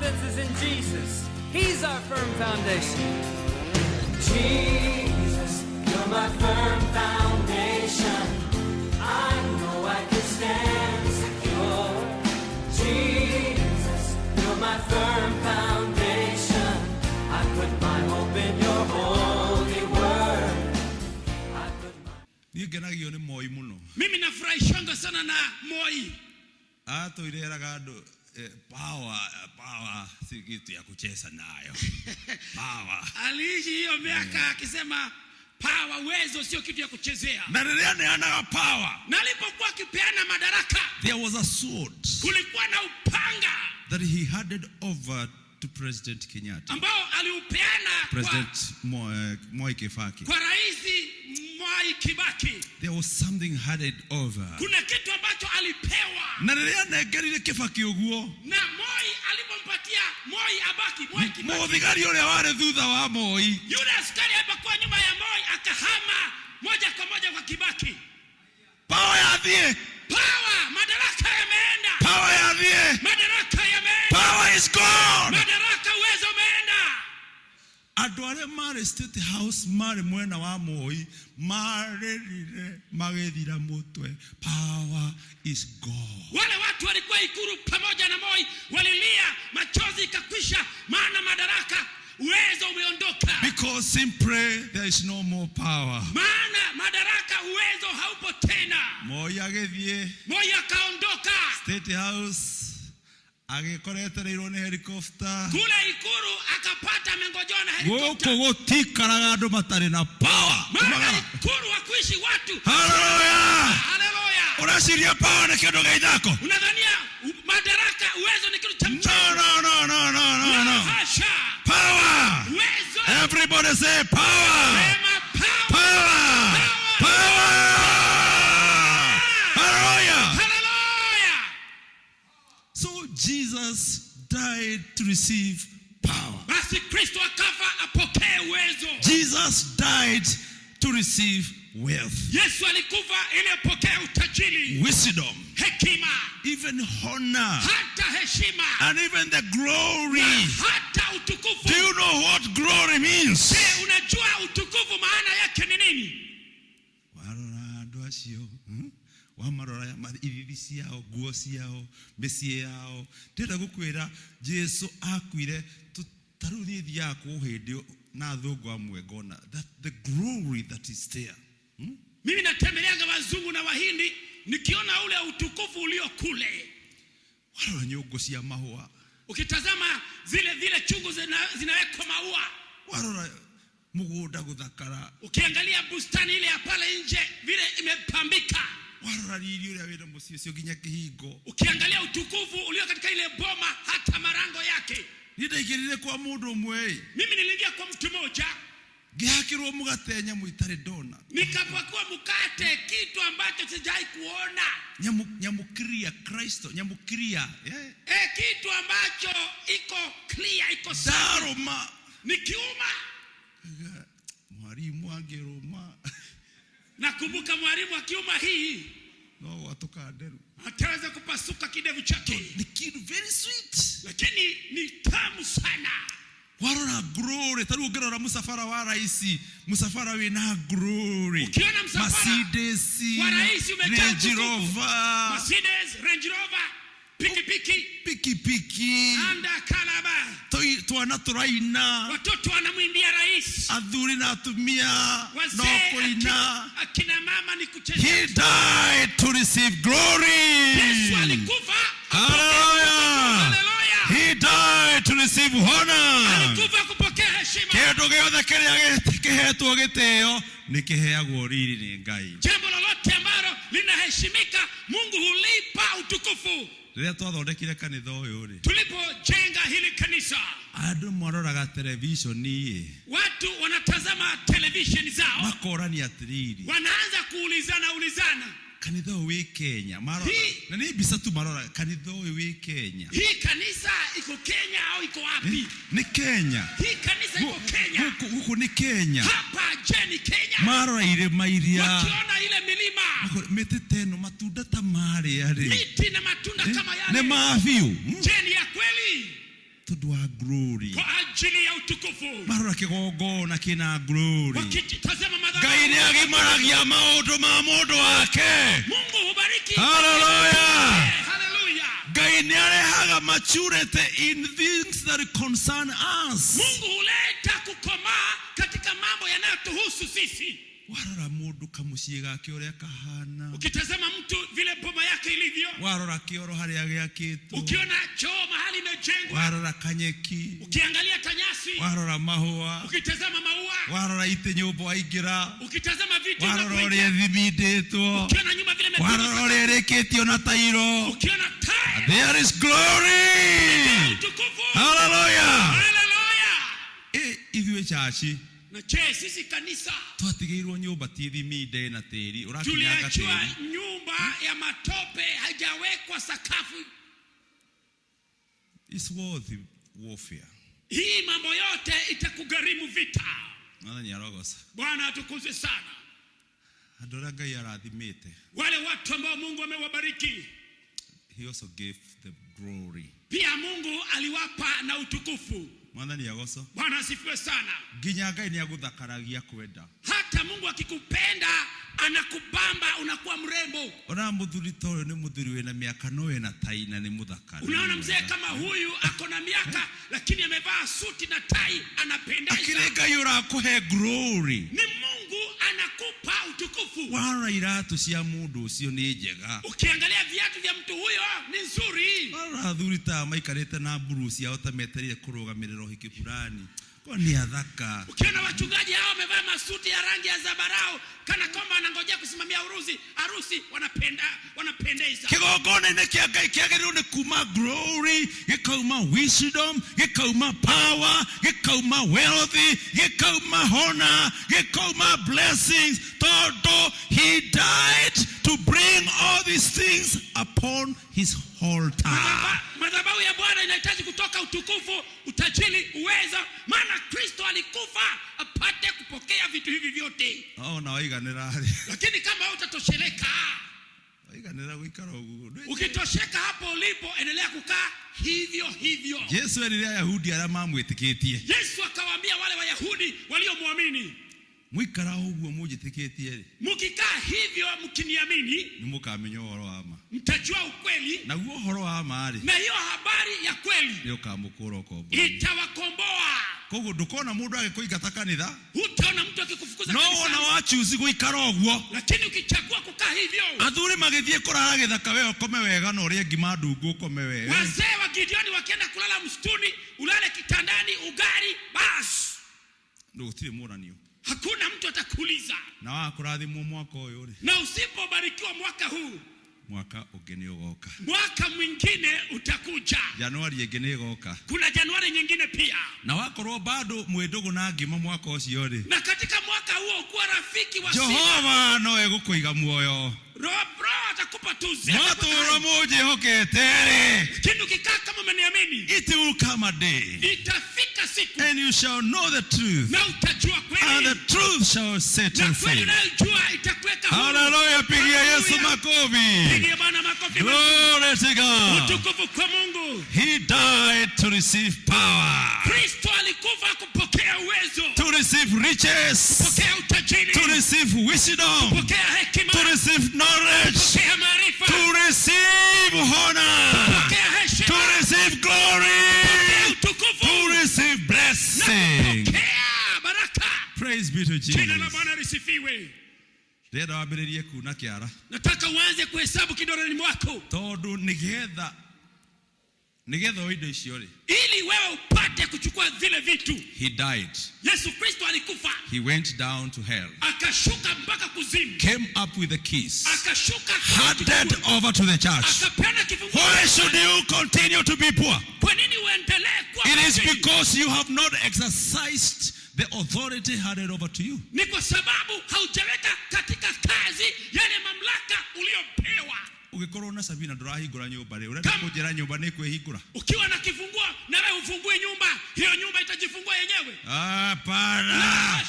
confidence is in Jesus. He's our firm foundation. Jesus, you're my firm foundation. I know I can stand secure. Jesus, you're my firm foundation. I put my hope in your holy word. I put my niĩ moi mũno mimi nafurahishwanga sana na moi atũire eraga andũ Eh, pawa eh, pawa si kitu ya kucheza nayo pawa. Aliishi hiyo miaka eh. akisema pawa, uwezo sio kitu ya kuchezea, na niliyoneanayo pawa. Na alipokuwa akipeana madaraka, there was a sword, kulikuwa na upanga that he handed over to President Kenyatta, ambao aliupeana President Moi eh, Kibaki, kwa Raisi Moi Kibaki. There was something handed over, kuna kitu ambacho alipewa. Na rĩrĩa nengerire kibaki ũguo Na Moi alipompatia Moi abaki thutha wa Moi. Yule askari alipokuwa nyuma ya Moi akahama moja kwa moja kwa Kibaki. madaraka yameenda. Madaraka yameenda. is gone. Madaraka andå arä a marä state house marä mwena wa moi marä rire mutwe thira power is God. Wale watu walikuwa ikuru pamoja na Moi walilia machozi ikakwisha, maana madaraka uwezo umeondoka. Because simply there is no more power. Maana madaraka uwezo haupo tena. Moi agethie Moi akaondoka. State house agikora nä helikopta kule ikuru akapata na helikopta guku gutikaraga andu matari na akuishi watu haleluya haleluya unadhania madaraka uwezo cha no no no no no no no power uwezo everybody say power to receive power. Basi Kristo akafa apokee uwezo. Jesus died to receive wealth. Yesu alikufa ili apokee utajiri. Wisdom. Hekima. Even honor. Hata heshima. And even the glory. hata utukufu. Do you know what glory means? Je, unajua utukufu maana yake ni nini? Wala sio wamarora ithithi ciao nguo ciao mĩciĩ yao ndĩrenda gukwira jesu akuire ta rĩu niĩ thiaga kũhĩndĩ na thũngũ amwe ngona that the glory that is there hmm? mimi natembeleaga wazungu na wahindi nikiona ule utukufu ulio kule warora nyũngũ cia mahua ukitazama zile zile chungu zinawekwa maua warora mugunda guthakara ukiangalia bustani ile ya pale nje vile imepambika warora wira mucio ucio nginya kihingo ukiangalia utukufu ulio katika ile boma hata marango yake nindaingirire kwa mundu umwe mimi nilingia kwa mtu mmoja ngihakirwo mugate nyamu itari ndona nikapakua mukate kitu ambacho sijai kuona nyamu, nyamu clear kristo nyamu clear yeah. E, kitu ambacho iko clear iko daroma nikiuma mwalimu angiruma Nakumbuka mwalimu akiuma hii no atoka atukanderu ataweza kupasuka kidevu chake, ni kintu very sweet, lakini ni tamu sana. Warora glory tari ugerora musafara wa raisi musafara we na glory, ukiona msafara wa raisi umejaa Range Rover, Mercedes Range Rover pikipiki pikipiki anda kalaba toi twana turaina watoto wanamwimbia rais adhuri na atumia na kuina akina mama ni kucheza he died to receive glory Yesu alikufa haleluya he died to receive honor alikufa kupokea heshima kindu giothe kiria kihetwo gitio ni kiheagwo riri ni ngai jambo lolote ambalo linaheshimika mungu hulipa utukufu rä twathondekire kanitha å yå rä tulipojenga hili kanisa andå maroraga terevishoni watu wanatazama televisheni zao makorania atiriri wanaanza kuulizana ulizana kanitha ũyũ wĩ Kenya marora na nĩ mbica tu marora kanitha ũyũ wĩ Kenya hi kanisa iko Kenya au iko wapi ni Kenya hi kanisa iko Kenya huko ni Kenya hapa je ni Kenya marora irĩma mairia wakiona ile milima mĩtĩ teno matunda ta marĩa rĩ miti na matunda kama yale nĩ ma je ni ya kweli tondũ wa glory kwa chini ya utukufu marora kigongona kina glory wakitazama madhabahu ngai ni agimaragia maundu ma mundu wake mungu hubariki haleluya ngai ni arehaga maturity in things that concern us mungu huleta kukoma katika mambo yanayotuhusu sisi warora mundu kamucii gake uria kahana ukitazama mtu vile boma yake ilivyo warora kioro haria giakitwo ukiona choo mahali imejengwa warora kanyeki ukiangalia tanyasi warora mahua ukitazama maua warora ite nyumba waingira ukitazama vitu warora uria ithiminditwo ukiona nyuma vile warora uria irikitio na tairo ukiona tairo there is glory hallelujah hallelujah eh ithuĩ chaci na je sisi kanisa twatigirwo nyumba ti thimi nde na tiri urakinyanga tiri nyumba ya matope haijawekwa sakafu is worthy warfare hii mambo yote itakugarimu vita mwathani arogosa bwana atukuze sana andå arä a ngai arathimä te wale watu ambao mungu amewabariki he also gave the glory pia mungu aliwapa na utukufu mwathani agoco bwana asifiwe sana nginya ngai ni aguthakaragia kwenda hata mungu akikupenda anakubamba unakuwa mrembo ona ta toyo ni muthuri wena miaka no na tai na ni muthakari unaona mzee kama huyu ako na miaka lakini amevaa suti na tai anapendeza akire ngai urakuhe glory ni utukufu. Wara iratu cia mundu ucio ni njega. Ukiangalia viatu vya mtu huyo ni nzuri. Wara athuri ta maikarite na mburu ciao ta metereire kurugamirira uhiki fulani kwani adhaka. Ukiona wachungaji hao wamevaa masuti ya rangi ya zambarau kana kwamba wanangojea kusimamia urusi harusi, wanapenda wanapendeza. kigongona kiaga kĩagĩrĩirwo ni kuma glory gĩkauma wisdom gĩkauma power gĩkauma wealth gĩkauma honor gĩkauma blessings Toto he died to bring all these things upon his altar. Madhabahu ya Bwana inahitaji kutoka utukufu utajiri, uweza, maana Kristo alikufa apate kupokea vitu hivi vyote. Oh, na waiganira lakini kama utatosheleka waiganira guikara ukitosheka hapo ulipo, endelea kukaa hivyo hivyo. Yesu alilia Yahudi aria mamwitikitie. Yesu akawaambia wale Wayahudi waliomwamini mwikara uguo munjitikitie ri mukikaa hivyo mkiniamini nimukamenya uhoro wa ma mtajua ukweli naguo uhoro wa ma ri na hiyo habari ya kweli niukamukura ukombo itawakomboa koguo ndukona mundu agikuingata kanitha utaona mtu akikufukuza kanitha no wona wachuzi guikara uguo lakini ukichagua kukaa hivyo athuri magithie kurara githaka wewe ukome wega na urie ngima ndungu ukome wewe wazee wa Gideoni wakienda kulala msituni ulale kitandani ugari basi ndio gutire muranio hakuna mtu atakuuliza. na wakurathimwo mwaka uyu na usipobarikiwa mwaka huu mwaka ungine ugoka, mwaka mwingine utakuja, Januari ingine igoka, kuna Januari nyingine pia. Na wakorwo bado mwendugu na ngima mwaka ucio ri, na katika mwaka huo kuwa rafiki wa Jehova, no egukuiga muoyo, atakupa tuzi maturo hoke tere. kindu kikaa kama umeniamini, it will come a day, itafika siku, and you shall know the truth, na utajua kweli, and the truth shall set you free. Hallelujah. Yesu makofi. Glory to God. Utukufu kwa Mungu. He died to receive power. Kristo alikufa kupokea uwezo. To receive riches. Kupokea utajiri. To receive wisdom. Kupokea hekima. To receive knowledge. Kupokea maarifa. To receive honor. Kupokea heshima. To receive glory. Kupokea utukufu. To receive blessing. Na kupokea baraka. Praise be to Jesus. Jina la Bwana lisifiwe. Ndĩrenda wambĩrĩrie kuna kĩara. Nataka uanze kuhesabu kidoreni mwako. Tondũ nĩgetha nĩgetha oe indo icio rĩ, ili wewe upate kuchukua vile vitu. He died. Yesu Kristo alikufa. He went down to hell. Akashuka mpaka kuzimu. Came up with a keys. Akashuka handed over to the church. Akapeana kifunguo. Why should you continue to be poor? Kwa nini uendelee kuwa? It is because you have not exercised the authority handed over to you. Ni kwa sababu haujaweka katika ugikorwo na sabina ndurahingura nyumba ri urenda kunjira nyumba ni kwihingura ukiwa na kifunguo na wewe ufungue nyumba hiyo nyumba itajifungua yenyewe hapana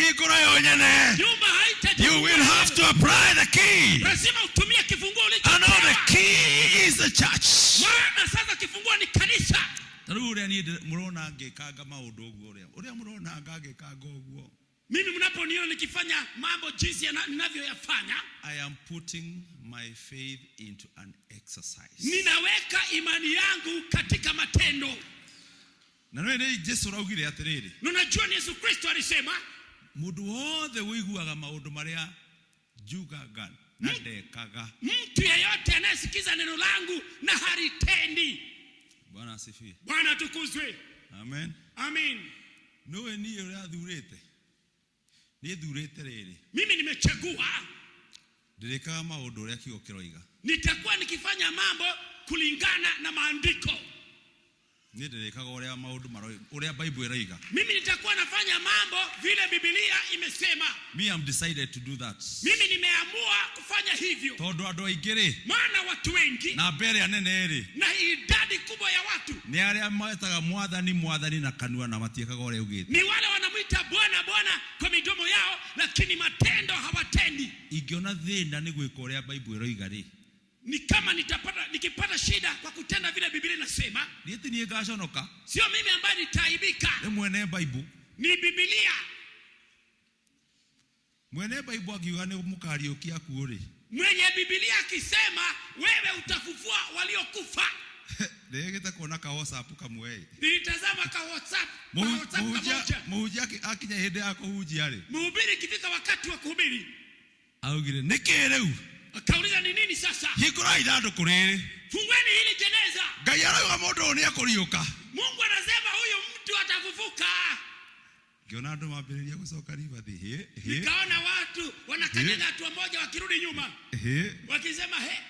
hikura yonyene nyumba haitajifungua you will have to apply the key lazima utumie kifunguo ulichopewa and the key is the church maana sasa kifunguo ni kanisa tarĩu ni niĩ mũrona ngĩkanga maũndũ ũguo ũrĩa ũrĩa mũrona ngangĩkanga ũguo mimi mnaponiona nikifanya mambo jinsi ninavyoyafanya, I am putting my faith into an exercise. Ninaweka imani yangu katika matendo. Na nĩ Yesu raugire atiriri. Na najua Yesu Kristo alisema, mundu wothe wiguaga maundu maria njugaga na ndekaga. Mtu yeyote anayesikiza neno langu na halitendi. Bwana asifiwe. Bwana tukuzwe. Amen. Amen. Nowe ni urathurite ni thurite riri mimi nimechagua ndirikaga maundu uria kiugo kiroiga nitakuwa nikifanya mambo kulingana na maandiko ni ndirikaga uria maundu uria bible iraiga mimi nitakuwa nafanya mambo vile biblia imesema me am decided to do that mimi ameamua kufanya hivyo tondu andu aingi maana watu wengi na mbere anene ri na idadi kubwa ya watu ni aria metaga mwathani mwathani na kanua na matiekaga uria ugite ni wale wanamwita bwana bwana kwa midomo yao lakini matendo hawatendi ingiona thina ni gwika uria bible iroiga ri ni kama nitapata nikipata shida kwa kutenda vile Biblia inasema niete nigaconoka sio mimi ambaye nitaibika ni mwene bible ni Biblia mwene Bible akiuga nĩ mũkariũkia akuo rĩ, mwenye Biblia akisema wewe utafufua waliokufa Nĩgĩte kuona ka WhatsApp kamwe. Nilitazama ka WhatsApp, mũhunjia akinya hĩndĩ ya kũhunjia rĩ. muhubiri kifika wakati wa kuhubiri. Augire nĩkĩ rĩu? Akauliza ni nini sasa? Hingũrai ithandũkũ rĩrĩ. fungweni hili jeneza. Ngai arauga mũndũ ni nĩekũriũka. Mungu anasema huyu mtu atafufuka. Ngiona andũ mambĩrĩria gũcoka nikaona watu wanakanyaga hatua moja wakirudi nyuma wakisema he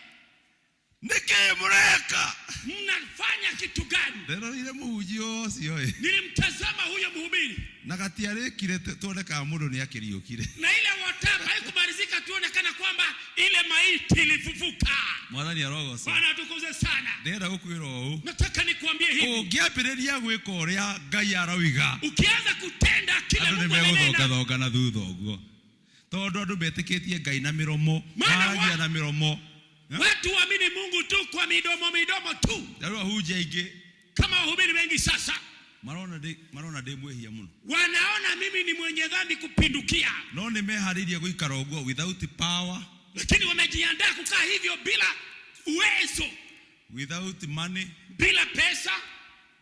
nikimreka mnafanya kitu gani? nderorire muhunjia ucio i nilimtazama huyo mhubiri na gatiarikire tuone kana mundu niakiriukire na ile whatsapp haikumalizika tuone kana kwamba ile maiti ilifufuka. Mwathani arogoce. Bwana tukuze sana. Ndirenda gukwira uu nataka nikwambie hivi, ungiambiriria gwika uria Ngai aroiga, ukianza kutenda kile Mungu nimeguthogathonga na thutha uguo tondu andu metikitie Ngai na miromo, maria na miromo Watu waamini Mungu tu kwa midomo midomo tu. darua huja ige Kama wahubiri wengi sasa marona de marona de mwehia muno. Wanaona mimi ni mwenye dhambi kupindukia. No nimehariria guikara uguo without power. Lakini wamejiandaa kukaa hivyo bila uwezo. Without money. Bila pesa.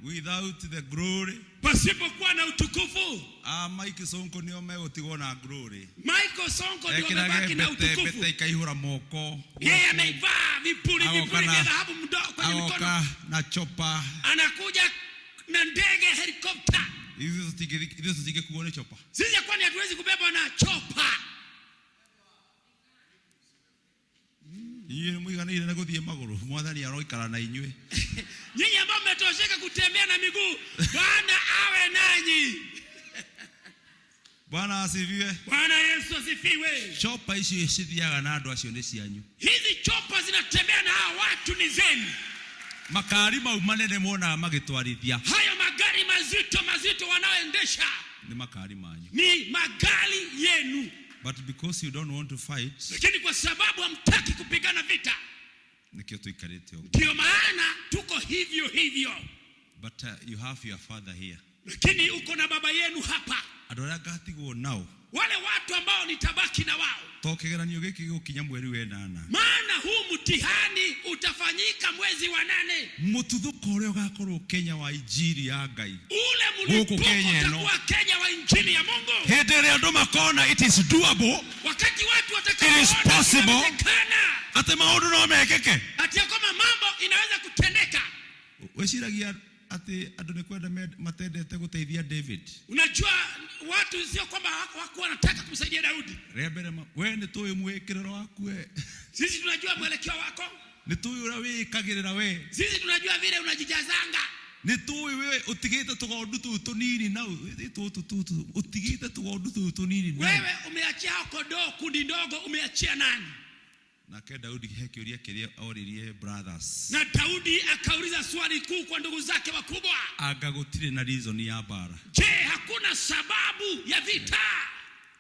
Without the glory. Pasipokuwa na utukufu a ah, Mike Sonko nio megutigwo na glory. Mike Sonko ndio mabaki na utukufu. Pete ikaihura moko. Yeye anaivaa vipuli vipuli vya dhahabu mdogo kwenye mikono. Na chopa. Anakuja na ndege helikopta. Hizi sitige hizi sitige kuona chopa. Sisi kwani hatuwezi kubebwa na chopa. Yeye mwiga muiganire na guthie maguru mwathani aroikara na inywe. Nyinyi ambao mmetosheka kutembea na miguu, Bwana awe nanyi. Bwana asifiwe. Bwana Yesu asifiwe. Chopa hizi cithiaga na andu acio ni cianyu. Hizi chopa zinatembea na hawa watu ni zenu. Makari mau manene mwonaga magitwarithia. Hayo magari mazito mazito wanaoendesha ni makari manyu, ni magari yenu. But because you don't want to fight, lakini kwa sababu hamtaki kupigana vita, nikio tuikarite huko, ndio maana tuko hivyo hivyo. But uh, you have your father here, lakini uko na baba yenu hapa andå arä a ngatigwo nao wale watu ambao nitabaki na wao to kä geranio gä kä gå kinya mweri wenana maana huu mutihani utafanyika mwezi wa nane mututhuko å rä a å gakorwo kenya wa injiri ya ngai ule mlipuko utakuwa kenya wa injiri ya mungu hä ndä ä rä a andå makona it is doable wakati watu watakaona atä maå ndå no mekeke atiakoma mambo inaweza kutendeka weciragia ati andå ni kwenda matendete gå teithia David. Unajua watu sio kwamba wako wanataka kumsaidia Daudi. Rä mbere we ni tå ä mwä kä rä ro waku we. Sisi tunajua mwelekeo wako. ni tå ä å rä we. Sisi tunajua vile unajijazanga nä tå ä we å tigä te tå gondu tå u tå nini na tu tu te tå gondu tå u tå nini wewe umeachia hao kondoo kundi ndogo umeachia nani Nake Daudi he kiuria kiria oririe brothers. Na Daudi akauliza swali kuu kwa ndugu zake wakubwa. Aga gutire na reason ya bara. Je, hakuna sababu ya vita?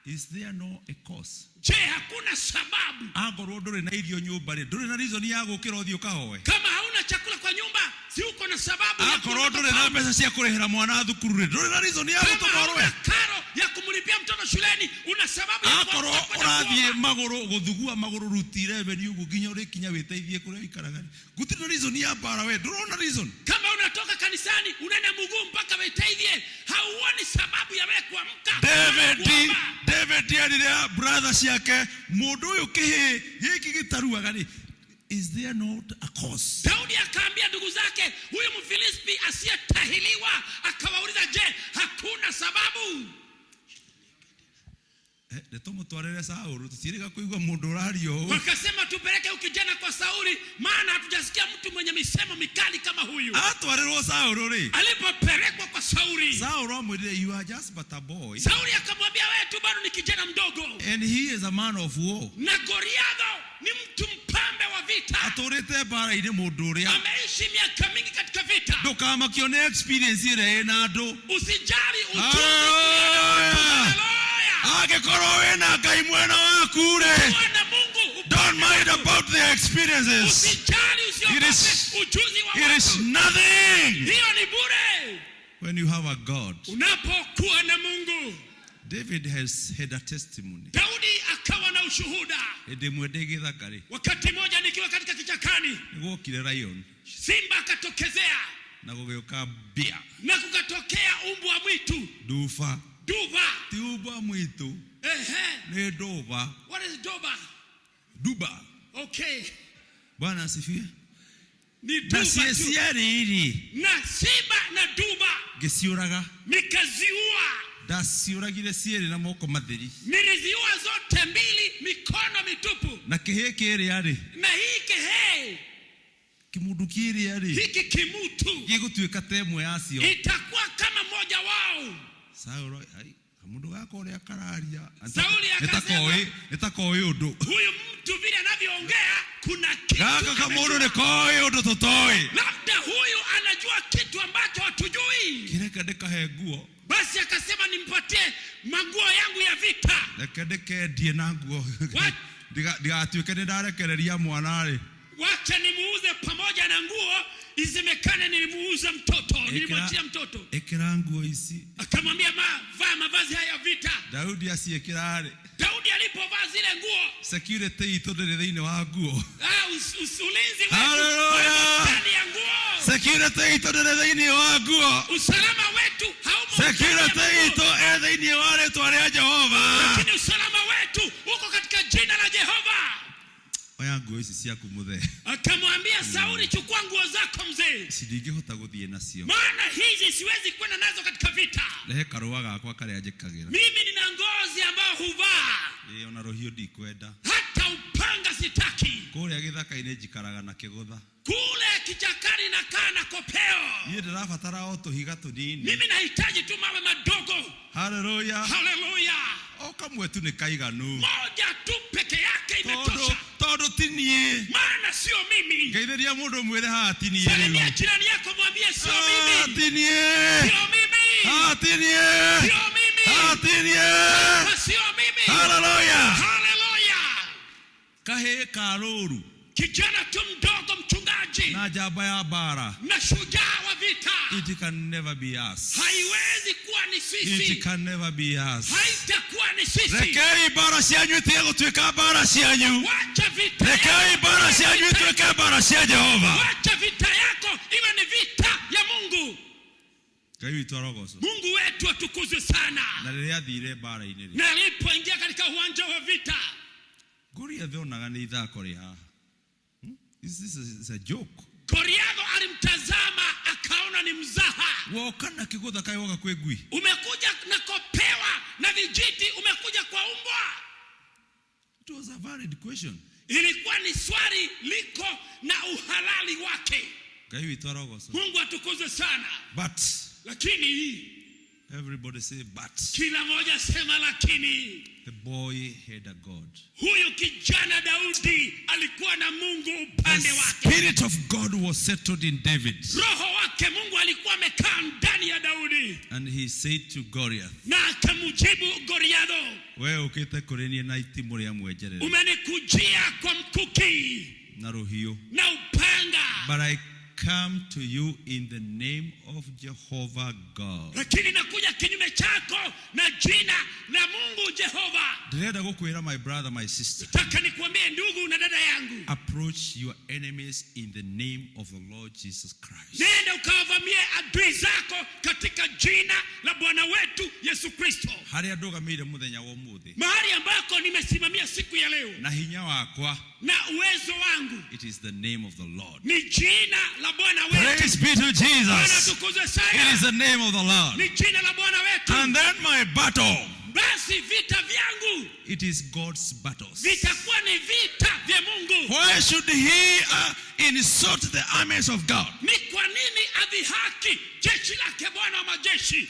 Is there no a cause? Je, hakuna sababu? Angorwo nduri na irio nyumba ri, nduri na reason ya gukira uthio kahoe. Kama hauna chakula kwa nyumba, si uko na sababu. Angorwo nduri na pesa cia kurihira mwana thukuru ri, nduri na reason ya karo ya kumulipia mtoto shuleni una sababu ya kwa orathie maguru guthugua maguru ruti revenue gukinya uri kinya witeithie kuria ikaraga guti no reason ya bara we drone reason kama unatoka kanisani unaenda mguu mpaka witeithie hauoni sababu ya wewe kuamka David David aliria brothers yake mundu uyu kihi yiki gitaruaga ni Is there not a cause? Daudi akaambia ndugu zake, huyu Mfilisti asiyetahiliwa, akawauliza, je, hakuna sababu? Eh, nĩtũmũtwarĩre Saũlũ tũtiĩrĩga kũigua Wakasema tupeleke ukijana kwa Sauli maana hatujasikia mtu mwenye misemo mikali kama huyu. Atwarĩrwo Saũlũ rĩ. Alipopelekwa kwa Sauli. you are just but a boy. Sauli akamwambia wewe tu bado ni kijana mdogo. And he is a man of war. Na Goliath ni mtu mpambe wa vita. mbara Ameishi miaka mingi katika vita. Ndũkamakio experience Usijali ah, agikorwo wina ngai mwena waku Don't mind about the experiences. It is, it is nothing when you have a God. David has had a testimony. Daudi akawa na ushuhuda. githakari. Wakati moja nikiwa katika kichakani. Nigokire lion. Simba akatokezea. Na Na kukatokea umbu wa mwitu. Dufa. Duba. Duba mwitu. eh. Ni Duba. What is Duba? Duba. Okay. Bwana asifiwe. Ni Duba. Na ya iri. Na siba na Duba. Ngĩciũraga. Nikaziua. Ndaciũragire cierĩ na moko madiri. Niliziua zote mbili mikono mitupu. Na kĩhĩ kĩrĩa yari. Na hii kĩhĩ. Kĩmundu yari. rĩ. Hiki kĩmutu. Gĩgũtuĩka ta ya yacio. Itaku. Sauli ai mundu gako uria kararia Sauli akasema nitakoi undu huyu mtu vile anavyoongea kuna kitu gaka kamundu koi undu totoi labda huyu anajua kitu ambacho hatujui kireka ndikahe nguo basi akasema nimpatie manguo yangu ya vita reke die na nguo diga diga ndigatuike nindarekereria mwana ri wacha nimuuze pamoja na nguo Isemekane nilimuuza mtoto, nilimwachia mtoto. Ekera nguo hizi. Akamwambia ma, vaa mavazi haya vita. Daudi asiekirare. Daudi alipovaa zile nguo. Security ito ndiri thiini wa nguo. Ah, ulinzi wetu. Haleluya. Ndani ya nguo. Security ito ndiri thiini wa nguo. Usalama wetu haumo. Security ito e thiini wa ritwa ria Jehova. Lakini usalama wetu uko katika jina la Jehova oya nguo ici ciaku muthee akamwambia sauli chukua nguo zako mzee sindingihota guthie nacio maana hizi siwezi kwenda nazo katika vita lehe karua gakwa karia njikagira mimi nina ngozi ambayo huvaa ona ruhiu ndikwenda hata upanga sitaki kuria githaka-ini njikaraga na kigutha kule kichakani na kana kopeo niĩ ndĩrabatara o tũhiga tũnini mimi nahitaji tu mawe madogo haleluya haleluya o kamwe tu nĩ kaiganu moja tu peke yake imetosha tondu ti nie maana sio mimi ngeithiria mundu mwire ha ti nie riu ndio yako nia kumwambia sio mimi ti nie sio mimi ha ti nie sio mimi ha ti nie sio mimi haleluya haleluya kahe karuru Kijana tu mdogo mchungaji, na jaba ya bara na shujaa wa vita. It can never be us. Haiwezi kuwa ni sisi. It can never be us. Haitakuwa ni sisi. Rekei barasi yanyu itwe gutwika barasi yanyu. Wacha vita. Rekei barasi yanyu itwike bara ya Jehova. Wacha vita yako iwe ni vita ya Mungu. Mungu wetu atukuzwe sana. Na rĩathire bara-inĩ, na alipoingia katika uwanja wa vita, Goliathi onaga nĩ ithako rĩ haha Is this a, is a joke? Koriago alimtazama akaona ni mzaha. Wokana kigodha kai woga kwegui. Umekuja na kopewa na vijiti, umekuja kwa umbwa. It was a valid question. Ilikuwa ni swali liko na uhalali wake. Mungu atukuzwe sana. But lakini Everybody say but. Kila moja sema lakini. The boy had a God. Huyu kijana Daudi alikuwa na Mungu upande wake. The spirit of God was settled in David. Roho wake Mungu alikuwa amekaa ndani ya Daudi. And he said to Goliath. Na akamjibu Goliath. Wewe ukite kurenia na itimu ria mwenjerere. Umenikujia kwa mkuki. Na ruhio. Na upanga. But I come to you in the name of Jehovah God. Lakini nakuja kinyume chako na jina la Mungu Jehova. Ndĩrenda gũkwĩra my brother, my sister. Nataka nikwambie ndugu na dada yangu. Approach your enemies in the name of the Lord Jesus Christ. Nenda ukawavamie adui zako katika jina la Bwana wetu Yesu Kristo. Harĩa ndũgamĩire mũthenya wa ũmũthĩ. Mahali ambako nimesimamia siku ya leo. Na hinya wakwa na uwezo wangu. It is the name of the Lord. Ni jina la Bwana wetu. Praise be to Jesus. It is the name of the Lord. Ni jina la Bwana wetu. And then my battle. Basi vita vyangu. It is God's battles. Vitakuwa ni vita vya Mungu. Why should he uh, insult the armies of God? Ni kwa nini adhihaki jeshi lake Bwana wa majeshi?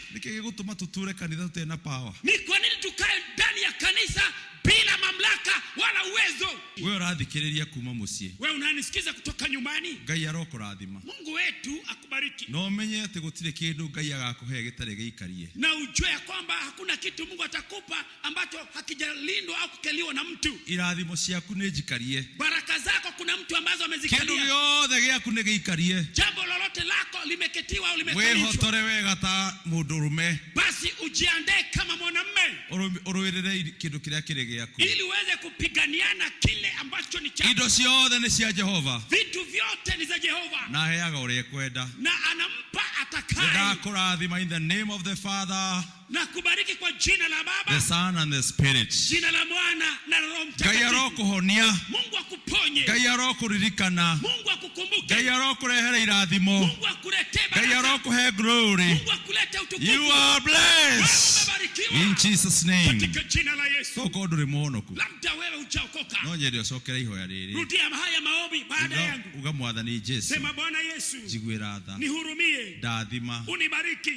tuture kanitha tutena power. Ni kwa nini tukae ndani ya kanisa bila mamlaka wala uwezo. Wewe urathikiriria kuma mucii, wewe unanisikiza kutoka nyumbani. Ngai arokurathima. Mungu wetu akubariki. No menye ati gutire kindu Ngai agakuhe gitare gikarie. na ujue ya kwamba hakuna kitu Mungu atakupa ambacho hakijalindwa au kukeliwa na mtu. Irathimo ciaku ni jikarie. baraka zako kuna mtu ambazo amezikalia. Kindu yothe giaku ni gikarie. jambo lolote lako limeketiwa au limekalishwa, Wewe hotore wega ta mudurume. Ba ujiandae kama mwanamume, urumirire kindu kiria kiri giaku, ili uweze kupiganiana kile ambacho ni chako. Indo ciothe ni cia Jehova, vitu vyote ni za Jehova, na heaga uria kwenda, na anampa atakaye. Ndakurathima in the name of the Father na kubariki kwa jina la Baba, the Son and the Spirit. Jina la Mwana na Roho Mtakatifu. Ngai arokuhonia. Mungu akuponye. Ngai arokuririkana. Mungu akukumbuke. Ngai arokurehera irathimo. Mungu akurete baraka. Ngai arokuhe glory. Mungu akulete utukufu. You are blessed. In Jesus name. Katika jina la Yesu. Soko Labda wewe No nyeri ihoya riri. Rudia haya maombi baada yangu. Uga mwathani Jesu. Sema Bwana Yesu. tha. Nihurumie. Ndathima. Unibariki.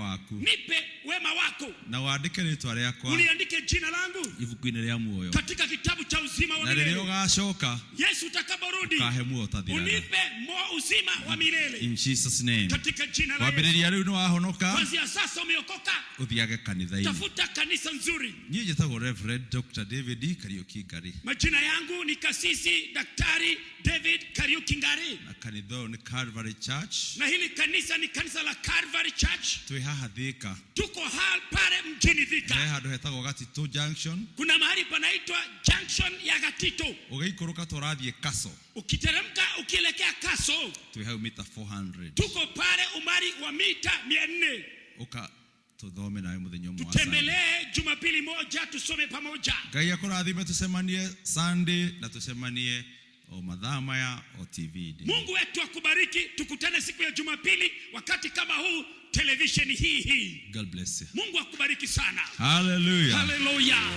waku. Nipe wema wako, na waandike ritwa riakwa, uliandike jina langu ibuku-ini ria muoyo, katika kitabu cha uzima wa milele, na riria ugacoka Yesu utakaporudi, ukahe muotathira, unipe mo uzima wa milele, in Jesus name, katika jina la Yesu. Wambiriria riu ni wahonoka, kwanzia sasa umeokoka, uthiage kanitha-ini, tafuta kanisa nzuri. Niĩ njĩtagwo Reverend Dr David Kariuki Ngari, majina yangu ni kasisi Daktari David Kariuki Ngari, na kanitha ũyũ nĩ Calvary Church, na hili kanisa ni kanisa la Calvary Church. Twĩ haha Thika, tuko mahali pale mjini Thika. Eh, handu hetagwo Gatito Junction. Kuna mahali panaitwa Junction ya Gatito. Ugiikuruka turathie Kaso. Ukiteremka ukielekea Kaso. Twi hau mita 400. Tuko pale umari wa mita 400. Uka tuthome nawe muthenya ũmwe tutembelee Jumapili moja tusome pamoja. Ngai akũrathime tucemanie Sunday na tucemanie o o tv Mungu wetu akubariki, tukutane siku ya Jumapili wakati kama huu television hii hii. God bless you. Mungu akubariki sana. Hallelujah. Hallelujah.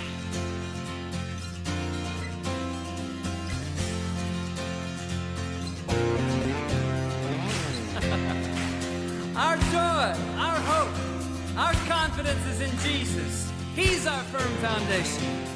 Our joy, our hope, our confidence is in Jesus. He's our firm foundation.